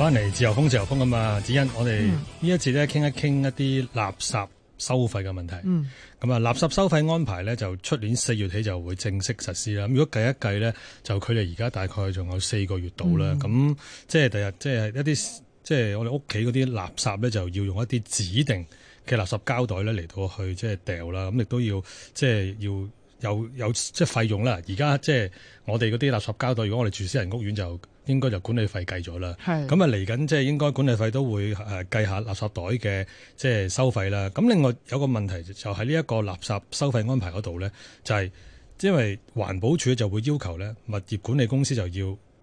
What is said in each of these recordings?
翻嚟自由風，自由風咁嘛？只因我哋呢談一次咧，傾一傾一啲垃圾收費嘅問題。咁啊、嗯，垃圾收費安排咧就出年四月起就會正式實施啦。咁如果計一計咧，就佢哋而家大概仲有四個月到啦。咁即係第日，即係一啲即係我哋屋企嗰啲垃圾咧，就要用一啲指定嘅垃圾膠袋咧嚟到去即係掉啦。咁亦都要即係要有有即係費用啦。而家即係我哋嗰啲垃圾膠袋，如果我哋住私人屋苑就，應該就管理費計咗啦，咁啊嚟緊即係應該管理費都會誒計下垃圾袋嘅即係收費啦。咁另外有個問題就係呢一個垃圾收費安排嗰度咧，就係、是、因為環保署就會要求咧，物業管理公司就要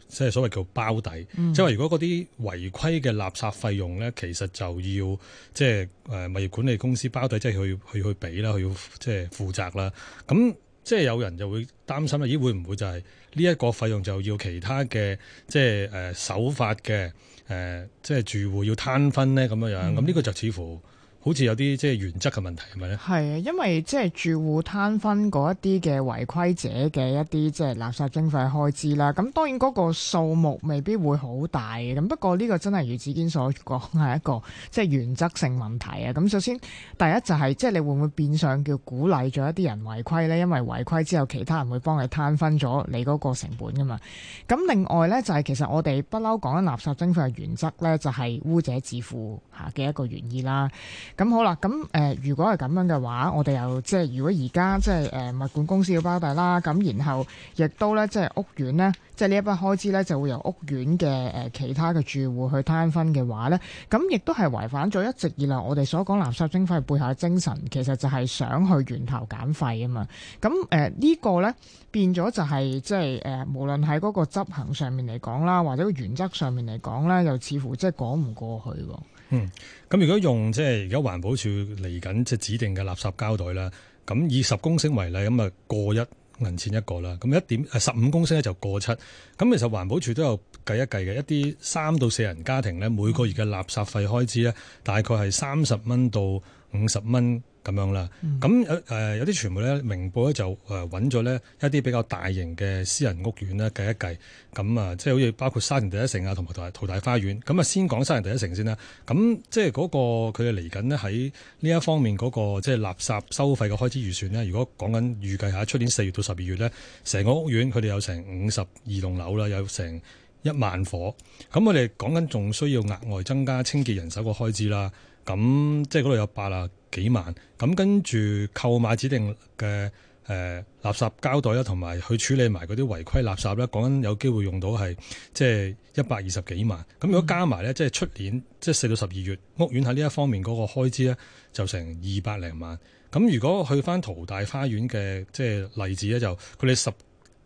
即係所謂叫包底，即係、嗯、如果嗰啲違規嘅垃圾費用咧，其實就要即係誒物業管理公司包底，即、就、係、是、去去去俾啦，去即係負責啦。咁即係有人就會擔心啊！咦，會唔會就係呢一個費用就要其他嘅即係誒守法嘅誒，即係、呃呃、住戶要攤分咧咁樣、嗯、咁樣？咁呢個就似乎。好似有啲即係原則嘅問題，係咪咧？係啊，因為即係住戶攤分嗰一啲嘅違規者嘅一啲即係垃圾徵費開支啦。咁當然嗰個數目未必會好大嘅。咁不過呢個真係如子堅所講，係一個即係原則性問題啊。咁首先第一就係即係你會唔會變相叫鼓勵咗一啲人違規咧？因為違規之後其他人會幫你攤分咗你嗰個成本噶嘛。咁另外咧就係其實我哋不嬲講緊垃圾徵費嘅原則咧，就係污者自負吓嘅一個原意啦。咁好啦，咁誒、呃，如果係咁樣嘅話，我哋又即係如果而家即係誒物管公司要包底啦，咁然後亦都咧即係屋苑咧，即係呢一筆開支咧，就會由屋苑嘅誒、呃、其他嘅住戶去攤分嘅話咧，咁亦都係違反咗一直以來我哋所講垃圾徵費背後嘅精神，其實就係想去源頭減費啊嘛。咁誒、呃這個、呢個咧變咗就係、是、即係誒、呃，無論喺嗰個執行上面嚟講啦，或者個原則上面嚟講咧，又似乎即係講唔過去喎。嗯，咁如果用即係而家環保署嚟緊即係指定嘅垃圾膠袋啦，咁以十公升為例，咁啊過一銀錢一個啦，咁一點誒十五公升咧就過七，咁其實環保署都有計一計嘅，一啲三到四人家庭咧每個月嘅垃圾費開支咧，大概係三十蚊到五十蚊。咁樣啦，咁，呃、有誒有啲傳媒咧，明報咧就誒揾咗咧一啲比較大型嘅私人屋苑咧計一計，咁啊即係好似包括沙田第一城啊，同埋淘大花園，咁啊先講沙田第一城先啦，咁即係嗰，嗰個佢哋嚟緊呢喺呢一方面嗰，嗰個即係垃圾收費嘅開支預算咧，如果講緊預計下出年四月到十二月咧，成個屋苑佢哋有成五十二棟樓啦，有成一萬夥，咁我哋講緊仲需要額外增加清潔人手個開支啦，咁即係嗰度有八啊。幾萬，咁跟住購買指定嘅誒、呃、垃圾膠袋啦，同埋去處理埋嗰啲違規垃圾咧，講緊有機會用到係即係一百二十幾萬。咁如果加埋咧，即係出年即係四到十二月，屋苑喺呢一方面嗰個開支咧就成二百零萬。咁如果去返淘大花園嘅即係例子咧，就佢哋十。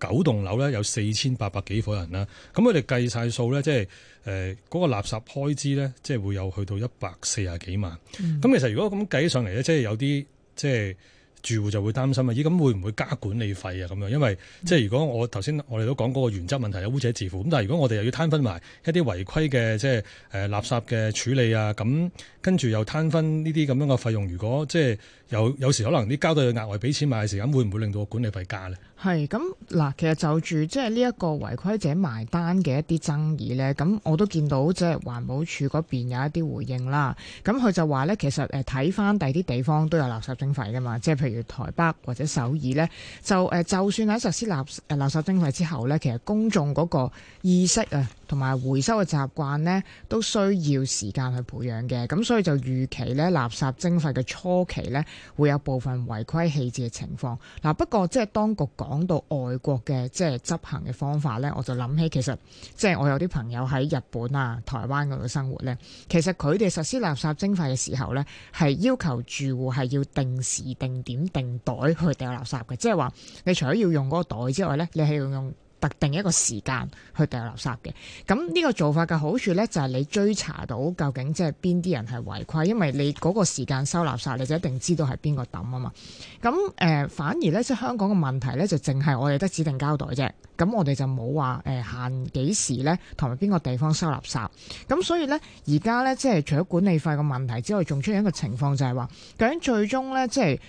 九棟樓咧有四千八百幾伙人啦，咁佢哋計晒數咧，即係誒嗰個垃圾開支咧，即係會有去到一百四十幾萬。咁、嗯、其實如果咁計上嚟咧，即係有啲即係住戶就會擔心啊，咦咁會唔會加管理費啊？咁樣，因爲即係如果我頭先我哋都講嗰個原則問題，有污，污者自付。咁但係如果我哋又要攤分埋一啲違規嘅即係誒、呃、垃圾嘅處理啊，咁跟住又攤分呢啲咁樣嘅費用，如果即係有有時可能啲交代額外俾錢買嘅時間，會唔會令到管理費加咧？係咁嗱，其實就住即係呢一個違規者埋單嘅一啲爭議咧，咁我都見到即係環保署嗰邊有一啲回應啦。咁佢就話咧，其實誒睇返第二啲地方都有垃圾徵費㗎嘛，即係譬如台北或者首爾咧，就誒就算喺實施垃垃圾徵費之後咧，其實公眾嗰個意識啊。呃同埋回收嘅習慣咧，都需要時間去培養嘅，咁所以就預期咧，垃圾徵費嘅初期咧，會有部分違規棄置嘅情況。嗱、啊，不過即係當局講到外國嘅即係執行嘅方法咧，我就諗起其實即係我有啲朋友喺日本啊、台灣嗰度生活呢，其實佢哋實施垃圾徵費嘅時候呢，係要求住戶係要定時、定點、定袋去掉垃圾嘅，即係話你除咗要用嗰個袋之外呢，你係要用。特定一個時間去掉垃圾嘅，咁呢個做法嘅好處呢，就係、是、你追查到究竟即係邊啲人係違規，因為你嗰個時間收垃圾，你就一定知道係邊個抌啊嘛。咁誒、呃，反而呢，即係香港嘅問題呢，就淨係我哋得指定交代啫。咁我哋就冇話誒限幾時呢，同埋邊個地方收垃圾。咁所以呢，而家呢，即係除咗管理費嘅問題之外，仲出現一個情況就係、是、話，究竟最終呢，即係。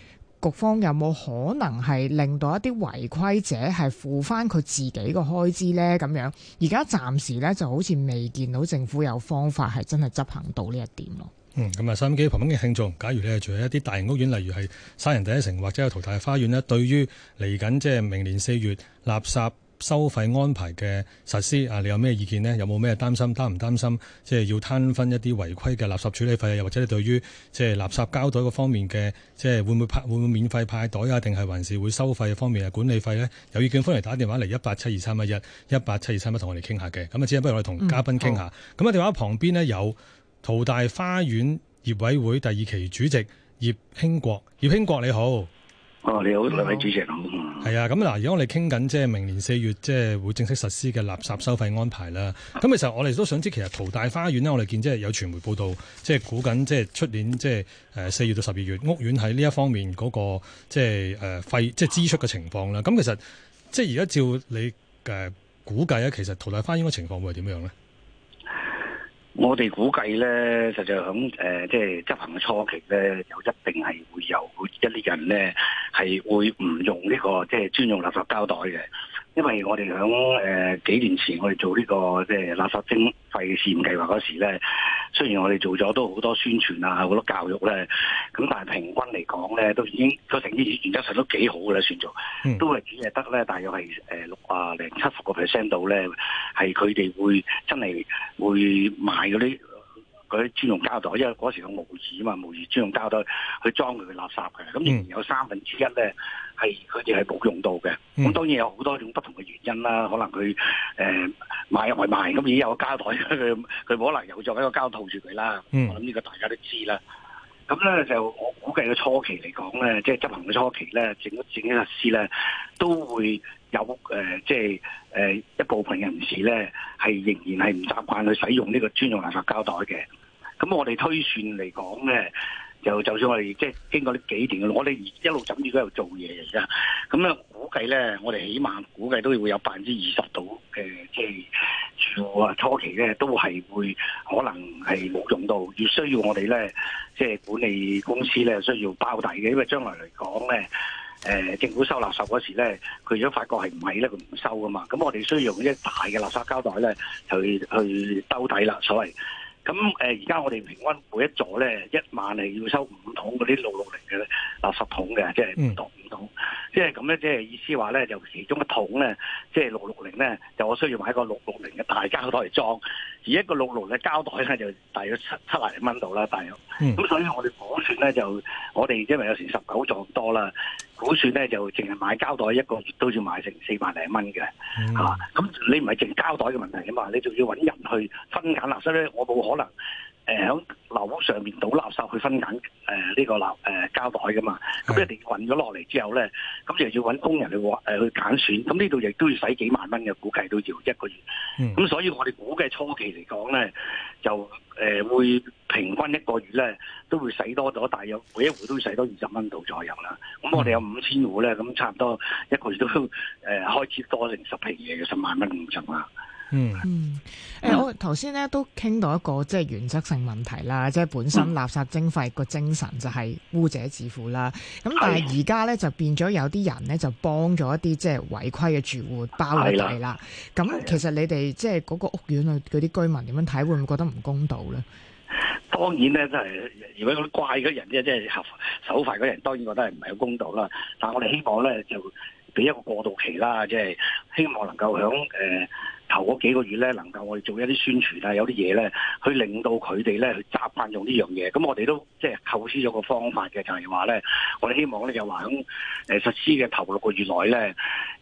局方有冇可能係令到一啲違規者係付翻佢自己個開支呢？咁樣而家暫時呢，就好似未見到政府有方法係真係執行到呢一點咯、嗯。嗯，咁啊，三蚊雞、五蚊嘅慶祝。假如你係住喺一啲大型屋苑，例如係沙田第一城或者有淘大花園呢，對於嚟緊即係明年四月垃圾收費安排嘅實施啊，你有咩意見呢？有冇咩擔心？擔唔擔心？即係要攤分一啲違規嘅垃圾處理費啊？又或者你對於即係垃圾膠袋嗰方面嘅，即係會唔會派會唔會免費派袋啊？定係還是會收費方面嘅管理費呢？有意見歡迎打電話嚟一八七二三一一，一八七二三一同我哋傾下嘅。咁啊，先不如我哋同嘉賓傾下。咁喺電話旁邊呢，有淘大花園業委會第二期主席葉興國。葉興國你好。哦，你好，兩位主席。好。係、嗯、啊，咁嗱，如果我哋傾緊即係明年四月，即係會正式實施嘅垃圾收費安排啦。咁、嗯、其實我哋都想知其、就是那個就是呃其，其實淘大花園咧，我哋見即係有傳媒報道，即係估緊即係出年即係誒四月到十二月，屋苑喺呢一方面嗰個即係誒費即係支出嘅情況啦。咁其實即係而家照你誒估計咧，其實淘大花園嘅情況會係點樣咧？我哋估計咧，實際響誒、呃、即係執行嘅初期咧，有一定係會有一啲人咧係會唔用呢、這個即係專用垃圾膠袋嘅，因為我哋響誒幾年前我哋做呢、這個即係垃圾徵費試驗計劃嗰時咧。雖然我哋做咗都好多宣傳啊，好多教育咧，咁但係平均嚟講咧，都已經個成績原則上都幾好嘅咧，算做、嗯、都係只嘢得咧，大概係誒六啊零七十個 percent 度咧，係佢哋會真係會買嗰啲嗰啲專用膠袋，因為嗰時個模擬啊嘛，模擬專用膠袋去裝佢嘅垃圾嘅，咁仍然有三分之一咧。嗯係佢哋係冇用到嘅，咁、嗯、當然有好多種不同嘅原因啦。可能佢誒、呃、買入外賣，咁已經有個膠袋，佢 佢可能有咗一個膠套住佢啦。嗯、我諗呢個大家都知啦。咁咧就我估計嘅初期嚟講咧，即、就、係、是、執行嘅初期咧，整整啲實施咧，都會有誒，即係誒一部分人士咧係仍然係唔習慣去使用呢個專用垃圾膠袋嘅。咁我哋推算嚟講咧。就就算我哋即係經過呢幾年，我哋一路枕住嗰度做嘢而家，咁咧估計咧，我哋起碼估計都會有百分之二十到嘅，即係住啊初期咧都係會可能係冇用到，越需要我哋咧，即係管理公司咧需要包底嘅，因為將來嚟講咧，誒政府收垃圾嗰時咧，佢如果發覺係唔係咧，佢唔收噶嘛，咁我哋需要用一大嘅垃圾膠袋咧去去兜底啦，所謂。咁誒，而家我哋平均每一座咧，一晚係要收五桶嗰啲六六零嘅垃圾桶嘅，即係五桶。即係咁咧，即係意思話咧，就其中一桶咧，即係六六零咧，就我需要買一個六六零嘅大膠袋嚟裝，而一個六六零嘅膠袋咧，就大約七七零蚊度啦，大約。咁、嗯、所以我哋估算咧，就我哋因為有成十九座多啦，估算咧就淨係買膠袋一個月都要買成四萬零蚊嘅嚇。咁、嗯啊、你唔係淨膠袋嘅問題啊嘛，你仲要揾人去分揀垃圾咧，我冇可能。誒，樓、嗯、上面倒垃圾去分揀誒，呢、呃這個垃誒膠袋㗎嘛，咁一定要運咗落嚟之後咧，咁就要搵工人嚟誒去揀、呃、選，選，咁呢度亦都要使幾萬蚊嘅，估計都要一個月。咁所以我哋估計初期嚟講咧，就誒、呃、會平均一個月咧都會使多咗，大約每一戶都會使多二十蚊度左右啦。咁我哋有五千戶咧，咁差唔多一個月都誒、呃、開始多成十皮嘢嘅十萬蚊五十萬啦。嗯，誒、嗯，我頭先咧都傾到一個即係原則性問題啦，即係、嗯、本身垃圾徵費個精神就係污者自負啦。咁、嗯、但係而家咧就變咗有啲人咧就幫咗一啲即係違規嘅住戶包埋嚟啦。咁的其實你哋即係嗰個屋苑啊，嗰啲居民點樣睇的會唔會覺得唔公道咧？當然咧、就是，即係如果怪嗰人咧，即、就、係、是、守法嗰人，當然覺得係唔係公道啦。但係我哋希望咧就俾一個過渡期啦，即、就、係、是、希望能夠響誒。呃頭嗰幾個月咧，能夠我哋做一啲宣傳啊，有啲嘢咧，去令到佢哋咧去習慣用呢樣嘢。咁我哋都即係構思咗個方法嘅，就係話咧，我哋希望咧就話響誒實施嘅頭六個月內咧，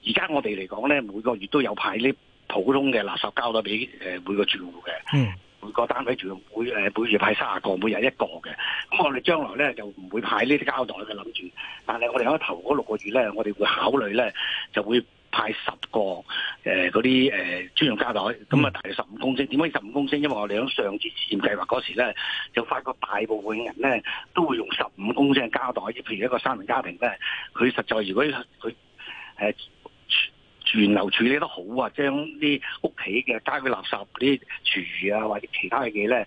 而家我哋嚟講咧每個月都有派啲普通嘅垃圾膠袋俾誒每個住戶嘅，每個單位住戶每誒、呃、每月派三十個，每日一個嘅。咁我哋將來咧就唔會派呢啲膠袋嘅，諗住。但係我哋喺頭嗰六個月咧，我哋會考慮咧就會。派十個誒嗰啲誒專用膠袋，咁啊大約十五公升。點解十五公升？因為我哋響上次試驗計劃嗰時咧，就發覺大部分人咧都會用十五公升嘅膠袋。即譬如一個三人家庭咧，佢實在如果佢誒源流處理得好啊，將啲屋企嘅家居垃圾、啲廚餘啊，或者其他嘅嘢咧。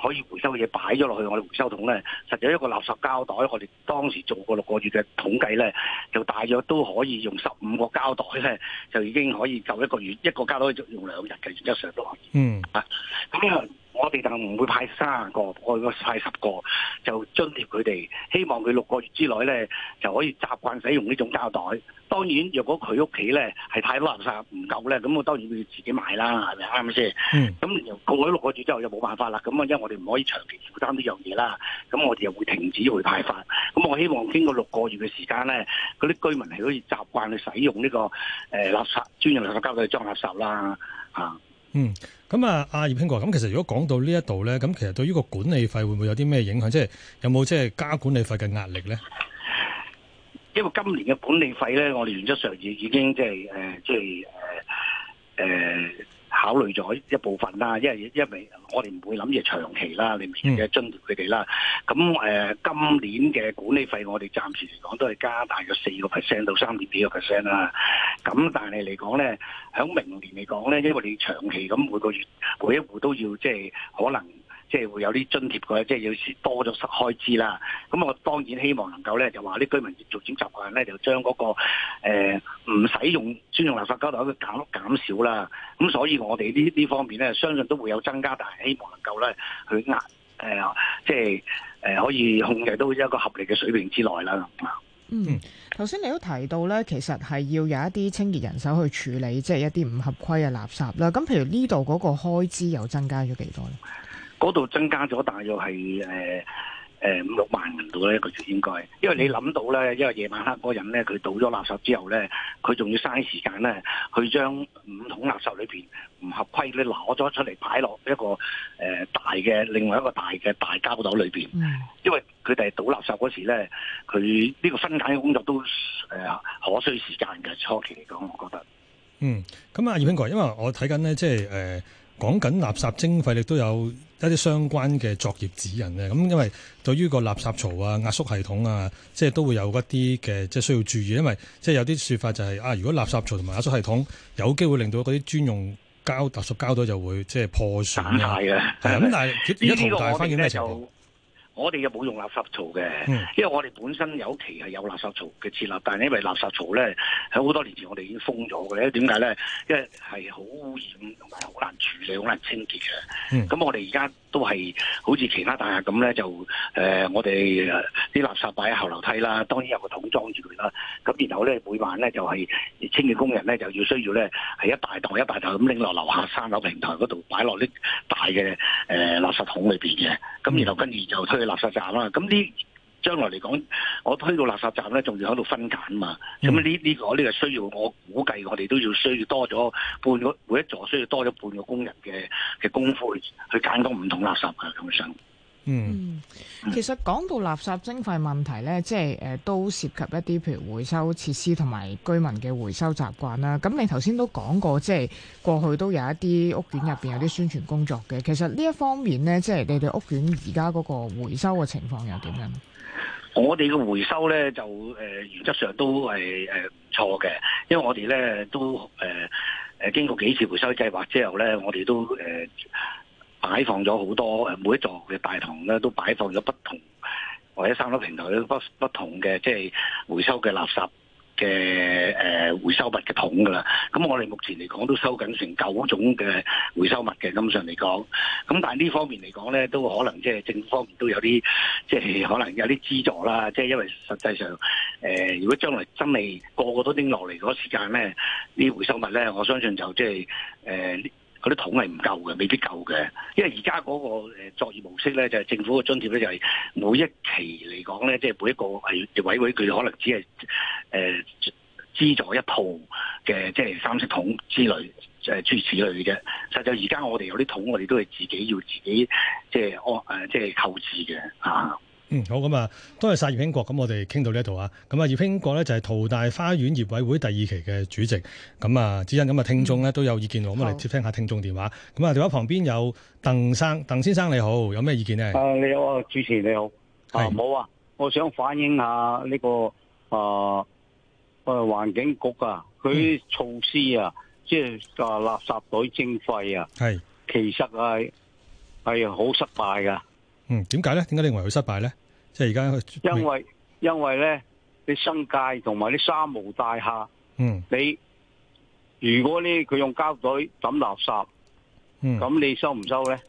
可以回收嘅嘢擺咗落去我哋回收桶咧，實有一個垃圾膠袋。我哋當時做過六個月嘅統計咧，就大約都可以用十五個膠袋咧，就已經可以夠一個月一個膠袋用兩日嘅，基本上到。嗯啊咁樣。我哋就唔會派三十個，我會派十個，就津貼佢哋，希望佢六個月之內咧就可以習慣使用呢種膠袋。當 然樂，若果佢屋企咧係太多垃圾唔夠咧，咁我當然要自己買啦，係咪啱先？咁過咗六個月之後就冇辦法啦，咁啊因為我哋唔可以長期負擔呢樣嘢啦，咁我哋又會停止去派發。咁我希望經過六個月嘅時間咧，嗰啲居民係可以習慣去使用呢個誒垃圾專用垃圾膠袋裝垃圾啦，啊。嗯，咁啊，阿葉興國，咁其實如果講到呢一度咧，咁其實對於個管理費會唔會有啲咩影響？即係有冇即係加管理費嘅壓力咧？因為今年嘅管理費咧，我哋原則上已已經即係誒，即係誒，誒、就是。呃呃考慮咗一部分啦，因為因為我哋唔會諗住長期啦，你明嘅，津貼佢哋啦。咁誒、呃，今年嘅管理費我哋暫時嚟講都係加大咗四個 percent 到三點幾個 percent 啦。咁、嗯、但係嚟講咧，喺明年嚟講咧，因為你長期咁每個月每一戶都要即係可能。即係會有啲津貼嘅，即係要是多咗開支啦。咁我當然希望能夠咧，就話啲居民要逐漸習慣咧，就將嗰、那個唔使、呃、用專用垃圾膠袋嘅間屋減少啦。咁所以我哋呢呢方面咧，相信都會有增加，但係希望能夠咧去壓誒、呃，即係誒、呃、可以控制到一個合理嘅水平之內啦。嗯，頭先你都提到咧，其實係要有一啲清潔人手去處理，即、就、係、是、一啲唔合規嘅垃圾啦。咁譬如呢度嗰個開支又增加咗幾多咧？嗰度增加咗，大約係五六萬人度咧，一個月應該，因為你諗到咧，因為夜晚黑嗰人咧，佢倒咗垃圾之後咧，佢仲要嘥時間咧，去將五桶垃圾裏邊唔合規咧攞咗出嚟擺落一個誒、呃、大嘅另外一個大嘅大膠袋裏邊，的因為佢哋倒垃圾嗰時咧，佢呢個分揀嘅工作都誒、呃、可需時間嘅初期嚟講，我覺得。嗯，咁阿葉興哥，因為我睇緊咧，即係誒。呃講緊垃圾徵費，亦都有一啲相關嘅作業指引嘅。咁因為對於個垃圾槽啊、壓縮系統啊，即係都會有一啲嘅即係需要注意，因為即係有啲説法就係，啊，如果垃圾槽同埋壓縮系統有機會令到嗰啲專用膠、特殊膠袋就會即係破損，係嘅係啊，咁但係而家同大家分咩情況？我哋又冇用垃圾槽嘅，因為我哋本身有期係有垃圾槽嘅設立，但係因為垃圾槽咧喺好多年前我哋已經封咗嘅，點解咧？因為係好污染同埋好難處理、好難清潔嘅。咁、 嗯、我哋而家都係好似其他大廈咁咧，就誒、呃、我哋啲、啊、垃圾擺喺後樓梯啦，當然有個桶裝住佢啦。咁然後咧每晚咧就係、是、清潔工人咧就要需要咧係一大袋一大袋咁拎落樓下三樓平台嗰度擺落啲大嘅誒、呃、垃圾桶裏邊嘅。咁然後跟住就推。垃圾站啦，咁呢、嗯，將來嚟講，我推到垃圾站咧，仲要喺度分揀嘛？咁呢呢個呢個需要，我估計我哋都要需要多咗半個，每一座需要多咗半個工人嘅嘅功夫去去揀到唔同垃圾嘅咁樣。嗯，其實講到垃圾徵費問題呢，即係、呃、都涉及一啲譬如回收設施同埋居民嘅回收習慣啦。咁你頭先都講過，即係過去都有一啲屋苑入邊有啲宣傳工作嘅。其實呢一方面呢，即係你哋屋苑而家嗰個回收嘅情況又點樣？我哋嘅回收呢，就誒、呃，原則上都係誒唔錯嘅，因為我哋呢都誒誒、呃、經過幾次回收計劃之後呢，我哋都誒。呃擺放咗好多，每一座嘅大堂咧都擺放咗不同，或者三樓平台咧不不同嘅，即係回收嘅垃圾嘅誒、呃、回收物嘅桶噶啦。咁我哋目前嚟講都收緊成九種嘅回收物嘅，根本上嚟講。咁但係呢方面嚟講咧，都可能即係政府方面都有啲，即係可能有啲資助啦。即係因為實際上，誒、呃、如果將來真係個個都拎落嚟嗰時間咧，呢回收物咧，我相信就即係誒。呃啲桶係唔夠嘅，未必夠嘅，因為而家嗰個作業模式咧，就係政府個津貼咧，就係每一期嚟講咧，即係每一個業委會，佢可能只係誒資助一套嘅，即係三色桶之類，誒，呃，諸如此類嘅。實際而家我哋有啲桶，我哋都係自己要自己即係安誒，即係購置嘅啊。嗯，好，咁、嗯、啊，多謝晒葉興國，咁我哋傾到呢一度啊。咁、嗯、啊，葉興國咧就係淘大花園業委會第二期嘅主席。咁、嗯、啊，之欣，咁啊，聽眾咧都有意見喎，咁我哋、嗯、接聽下聽眾電話。咁、嗯、啊，電話、嗯、旁邊有鄧生，鄧先生你好，有咩意見咧？誒，你好，是啊，主持你好。係冇啊，我想反映下呢、這個誒誒環境局啊，佢措施啊，嗯、即係誒垃圾袋徵費啊，係是其實係係好失敗噶。嗯，點解咧？點解你認為會失敗咧？即係而家，因為因為咧，你新界同埋啲三無大廈，嗯，你如果咧佢用膠袋抌垃圾，咁你收唔收咧？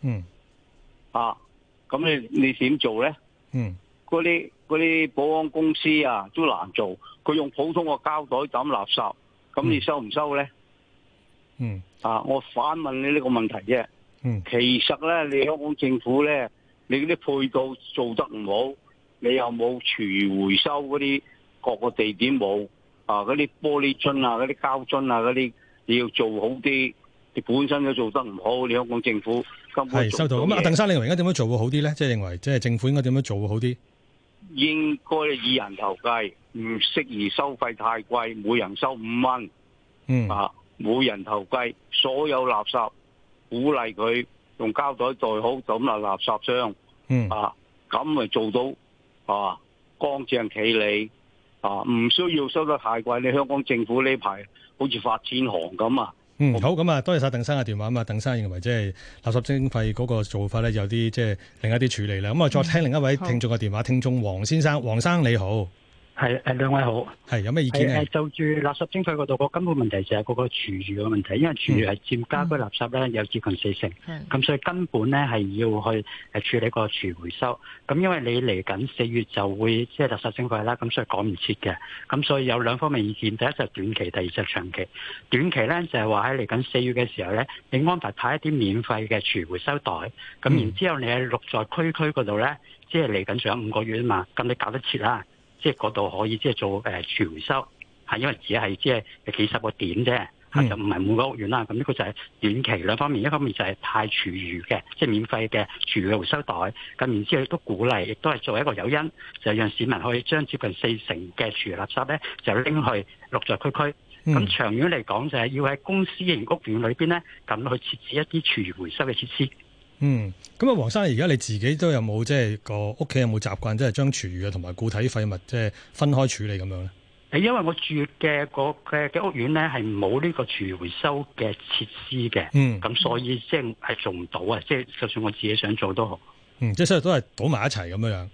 嗯，啊，咁你你點做咧？嗯，嗰啲啲保安公司啊，都難做。佢用普通個膠袋抌垃圾，咁你收唔收咧？嗯，啊，我反問你呢個問題啫。嗯、其實咧，你香港政府咧，你嗰啲配套做得唔好，你又冇廚餘回收嗰啲各個地點冇啊，嗰啲玻璃樽啊，嗰啲膠樽啊，嗰啲你要做好啲，你本身都做得唔好，你香港政府根本收到咁啊！鄧、嗯嗯、生，你認為應該點樣做會好啲咧？即係認為，即係政府應該點樣做會好啲？應該以人頭計，唔適宜收費太貴，每人收五蚊。嗯啊，每人頭計，所有垃圾。鼓勵佢用膠袋袋好，就咁立垃圾箱，嗯、啊，咁咪做到啊乾淨企理啊，唔需要收得太貴。你香港政府呢排好似發展行咁啊！嗯，好，咁啊，多謝晒鄧生嘅電話啊，嘛，鄧生認為即係垃圾徵費嗰個做法咧，有啲即係另一啲處理啦。咁啊，再聽另一位聽眾嘅電話，嗯、聽眾黃先生，黃生你好。係誒，兩位好。係有咩意見、啊、就住垃圾徵費嗰度，個根本問題就係嗰個廚餘嘅問題，因為廚餘係佔家居垃圾咧有接近四成。咁、嗯、所以根本咧係要去誒處理個廚回收。咁因為你嚟緊四月就會即係、就是、垃圾徵費啦，咁所以講唔切嘅。咁所以有兩方面意見，第一就短期，第二就長期。短期咧就係話喺嚟緊四月嘅時候咧，你安排派一啲免費嘅廚回收袋。咁然之後你喺六在區區嗰度咧，即係嚟緊仲有五個月啊嘛，咁你搞得切啦。即係嗰度可以即係做誒廚、呃、回收，係、啊、因為只係即係幾十個點啫，啊嗯啊，就唔係每個屋苑啦。咁呢個就係短期兩方面，一方面就係派廚餘嘅，即係免費嘅廚餘回收袋。咁然之後亦都鼓勵，亦都係做一個誘因，就係讓市民可以將接近四成嘅廚餘垃圾咧，就拎去落在區區。咁長遠嚟講，就係要喺公司型屋苑裏邊咧，咁去設置一啲廚餘回收嘅設施。嗯，咁啊，黃生，而家你自己都有冇即係個屋企有冇習慣，即係將廚餘啊同埋固體廢物即係、就是、分開處理咁樣咧？誒，因為我住嘅個嘅嘅屋苑咧係冇呢個廚餘回收嘅設施嘅，嗯，咁所以即係係做唔到啊，即、就、係、是、就算我自己想做都好，嗯，即係所以都係倒埋一齊咁樣樣，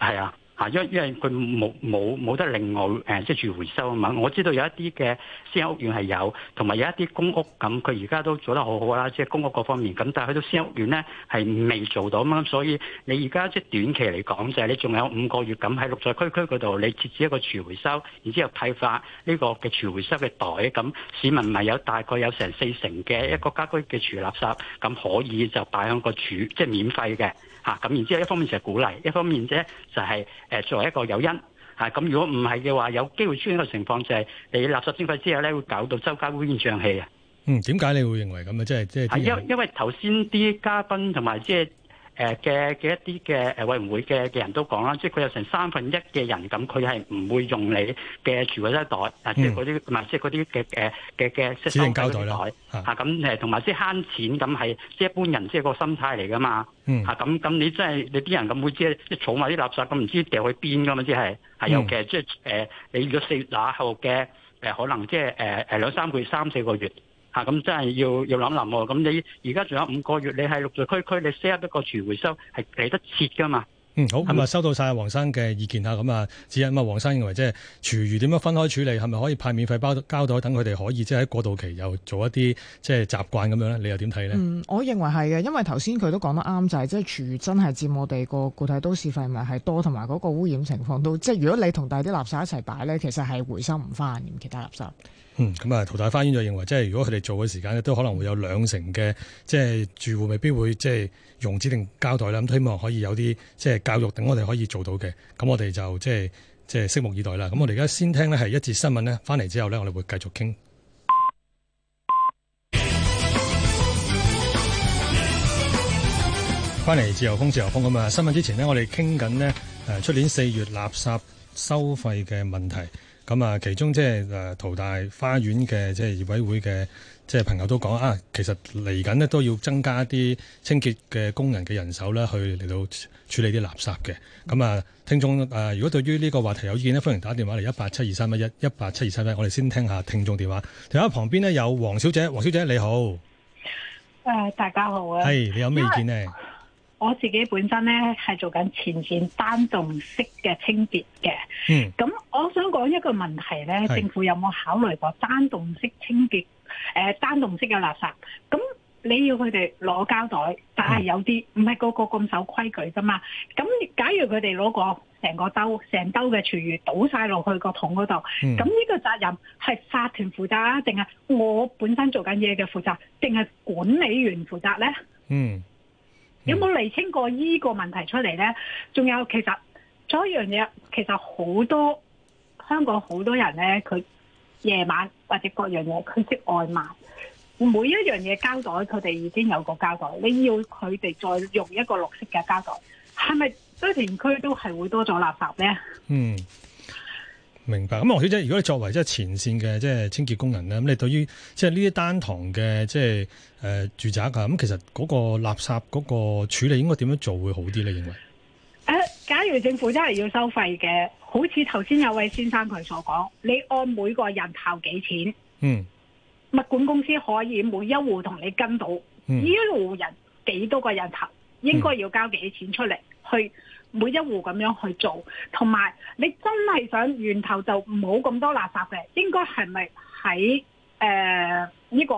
係啊。因因為佢冇冇冇得另外誒即係廚回收啊嘛！我知道有一啲嘅私人屋苑係有，同埋有一啲公屋咁，佢而家都做得好好啦，即係公屋各方面咁。但係去到私人屋苑咧，係未做到嘛。所以你而家即係短期嚟講就係、是、你仲有五個月咁喺綠在區區嗰度，你設置一個廚回收，然之後批發呢個嘅廚回收嘅袋咁，市民咪有大概有成四成嘅一個家居嘅廚垃圾咁可以就擺喺個廚即係免費嘅。吓咁、啊，然之後一方面就係鼓勵，一方面咧就係、是、誒、呃、作為一個誘因吓。咁、啊、如果唔係嘅話，有機會出現一個情況就係、是、你垃圾徵費之後咧，會搞到周街烏煙瘴氣啊。嗯，點解你會認為咁啊？即係即係。啊，因為因為頭先啲嘉賓同埋即係。誒嘅嘅一啲嘅誒委員會嘅嘅人都講啦，即係佢有成三分一嘅人咁，佢係唔會用你嘅住櫃圾袋，袋、嗯、啊，即係嗰啲唔係即係嗰啲嘅嘅嘅嘅紙巾膠袋啦嚇咁，誒，同埋即係慳錢咁係即係一般人即係個心態嚟噶嘛嚇。咁咁你真係你啲人咁會即係即係儲埋啲垃圾咁唔知掉去邊噶嘛？即係係有嘅，即係誒你如果四月打後嘅誒、呃、可能即係誒誒兩三個月三四個月。吓咁真係要要諗諗，咁你而家仲有五個月，你係陸續區區，你 set 一個廚餘回收係嚟得切噶嘛？嗯好，咁啊收到晒黃生嘅意見啊，咁啊，只係咁啊，黃生認為即係廚餘點樣分開處理，係咪可以派免費包膠袋，等佢哋可以即係喺過渡期又做一啲即係習慣咁樣咧？你又點睇咧？嗯，我認為係嘅，因為頭先佢都講得啱，就係即係廚餘真係佔我哋個固體都市廢物係多，同埋嗰個污染情況都即係，如果你同第啲垃圾一齊擺咧，其實係回收唔翻咁其他垃圾。嗯，咁啊，淘大花園就認為，即係如果佢哋做嘅時間咧，都可能會有兩成嘅，即係住戶未必會即係用指定膠袋啦。咁希望可以有啲即係教育，等我哋可以做到嘅。咁我哋就即係即係拭目以待啦。咁我哋而家先聽呢係一節新聞呢，翻嚟之後呢，我哋會繼續傾。翻嚟自由風，自由風咁啊！新聞之前呢，我哋傾緊呢誒，出年四月垃圾收費嘅問題。咁啊、嗯，其中即係誒淘大花園嘅即係業委會嘅即係朋友都講啊，其實嚟緊咧都要增加啲清潔嘅工人嘅人手咧，去嚟到處理啲垃圾嘅。咁、嗯、啊，聽眾誒、呃，如果對於呢個話題有意見咧，歡迎打電話嚟一八七二三一一一八七二三一。我哋先聽下聽，聽眾電話。電話旁邊呢，有黃小姐，黃小姐你好。誒、啊，大家好啊。係，你有咩意見呢？啊我自己本身咧係做緊前線單棟式嘅清潔嘅，嗯，咁我想講一個問題咧，是政府有冇考慮過單棟式清潔？誒、呃，單棟式嘅垃圾，咁你要佢哋攞膠袋，但係有啲唔係個個咁守規矩噶嘛？咁假如佢哋攞個成個兜，成兜嘅廚餘倒晒落去個桶嗰度，咁呢、嗯、個責任係法團負責啊？定係我本身做緊嘢嘅負責？定係管理員負責咧？嗯。Mm. 有冇厘清過呢個問題出嚟呢？仲有，其實仲有一樣嘢，其實好多香港好多人呢，佢夜晚或者各樣嘢，佢識外賣，每一樣嘢膠袋，佢哋已經有個膠袋，你要佢哋再用一個綠色嘅膠袋，係咪堆填區都係會多咗垃圾呢？嗯。Mm. 明白咁，黃小姐，如果你作為即係前線嘅即係清潔工人咧，咁你對於即係呢啲單堂嘅即係誒住宅啊，咁其實嗰個垃圾嗰個處理應該點樣做會好啲咧？認為誒，假如政府真係要收費嘅，好似頭先有位先生佢所講，你按每個人頭幾錢，嗯，物管公司可以每一戶同你跟到，呢一戶、嗯、人幾多個人頭，應該要交幾多錢出嚟、嗯、去。每一戶咁樣去做，同埋你真係想源頭就唔好咁多垃圾嘅，應該係咪喺誒呢個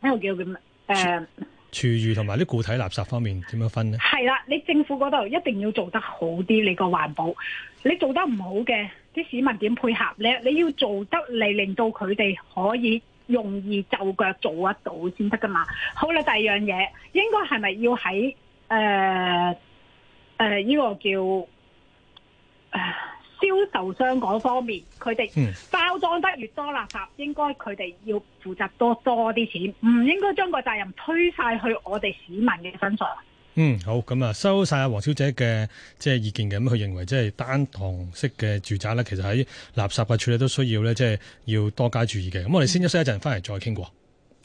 咩叫咁誒？廚餘同埋啲固體垃圾方面點樣分呢？係啦，你政府嗰度一定要做得好啲，你個環保，你做得唔好嘅，啲市民點配合呢？你要做得嚟令到佢哋可以容易就腳做得到先得㗎嘛？好啦，第二樣嘢，應該係咪要喺誒？呃誒，呢、呃這個叫誒，銷、啊、售商嗰方面，佢哋包裝得越多垃圾，應該佢哋要負責多多啲錢，唔、嗯、應該將個責任推晒去我哋市民嘅身上。嗯，好，咁、嗯、啊，收晒阿黃小姐嘅即係意見嘅，咁、嗯、佢認為即係單幢式嘅住宅咧，其實喺垃圾嘅處理都需要咧，即係要多加注意嘅。咁、嗯嗯、我哋先休息一陣，返嚟再傾過。